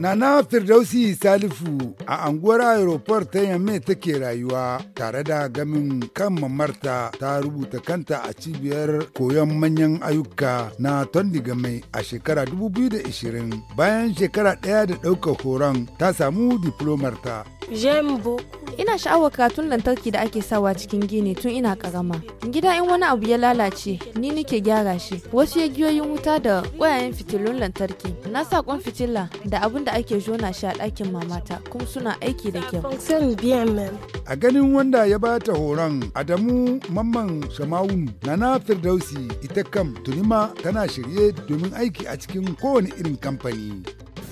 Nana Firdausi Salifu a anguwar aeroport ta Yamme take rayuwa tare da gamin kan mamarta ta rubuta kanta a cibiyar koyon manyan ayyuka na Game a shekara 2020 bayan shekara ɗaya da ɗaukar horon ta samu diplomarta. Jembo. Ina sha'awar katun lantarki da ake sawa cikin gini tun ina karama. Gida in wani abu ya lalace, ni nake gyara shi. Wasu ya giyoyin wuta da ƙwayayen fitilun lantarki. Na sa kwan fitila da abin da ake jona shi a ɗakin mamata, kuma suna aiki da kyau. A ganin wanda ya ba ta horon Adamu Mamman Shamawun na Firdausi ita kam tuni ma tana shirye domin aiki a cikin kowane irin kamfani.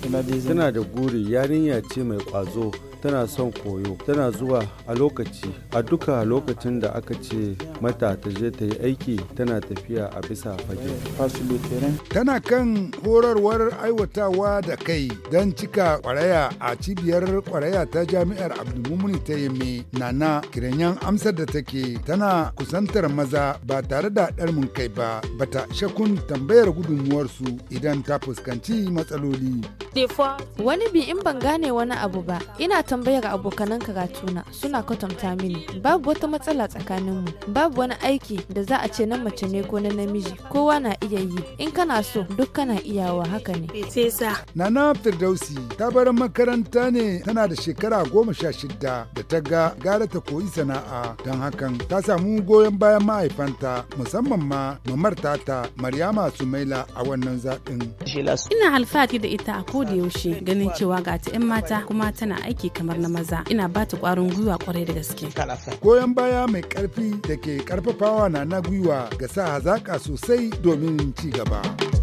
Tana da guri yarinya ce mai kwazo tana son koyo tana zuwa a lokaci a duka lokacin da aka ce mata ta je ta yi aiki tana tafiya a bisa fage tana kan horarwar aiwatawa da kai don cika kwaraya a cibiyar kwaraya ta jami'ar abdulmumuni ta mai nana kiranyan amsar da take tana kusantar maza ba tare da ɗarmin kai ba bata shakun tambayar gudunmuwarsu idan ta fuskanci matsaloli Wani bi in ban gane wani abu ba, ina tambayar abokanan karatuna suna kwatanta mini. Babu wata matsala tsakaninmu, babu wani aiki da za a ce na mace ne ko na namiji, kowa na iya yi. In kana so, duk kana iyawa haka ne. Nana Firdausi ta bar makaranta ne tana da shekara goma sha shida da ta ga gara ta koyi sana'a don hakan ta samu goyon bayan mahaifanta musamman ma mamar tata Maryama Sumaila a wannan zaɓin. Ina alfati da ita ko ko yaushe ganin cewa ga ta 'yan mata kuma tana aiki kamar na maza ina ba ta kwarin gwiwa kwarai da gaske. Goyon baya mai karfi da ke karfafawa na na gwiwa ga sa hazaƙa sosai domin ci gaba.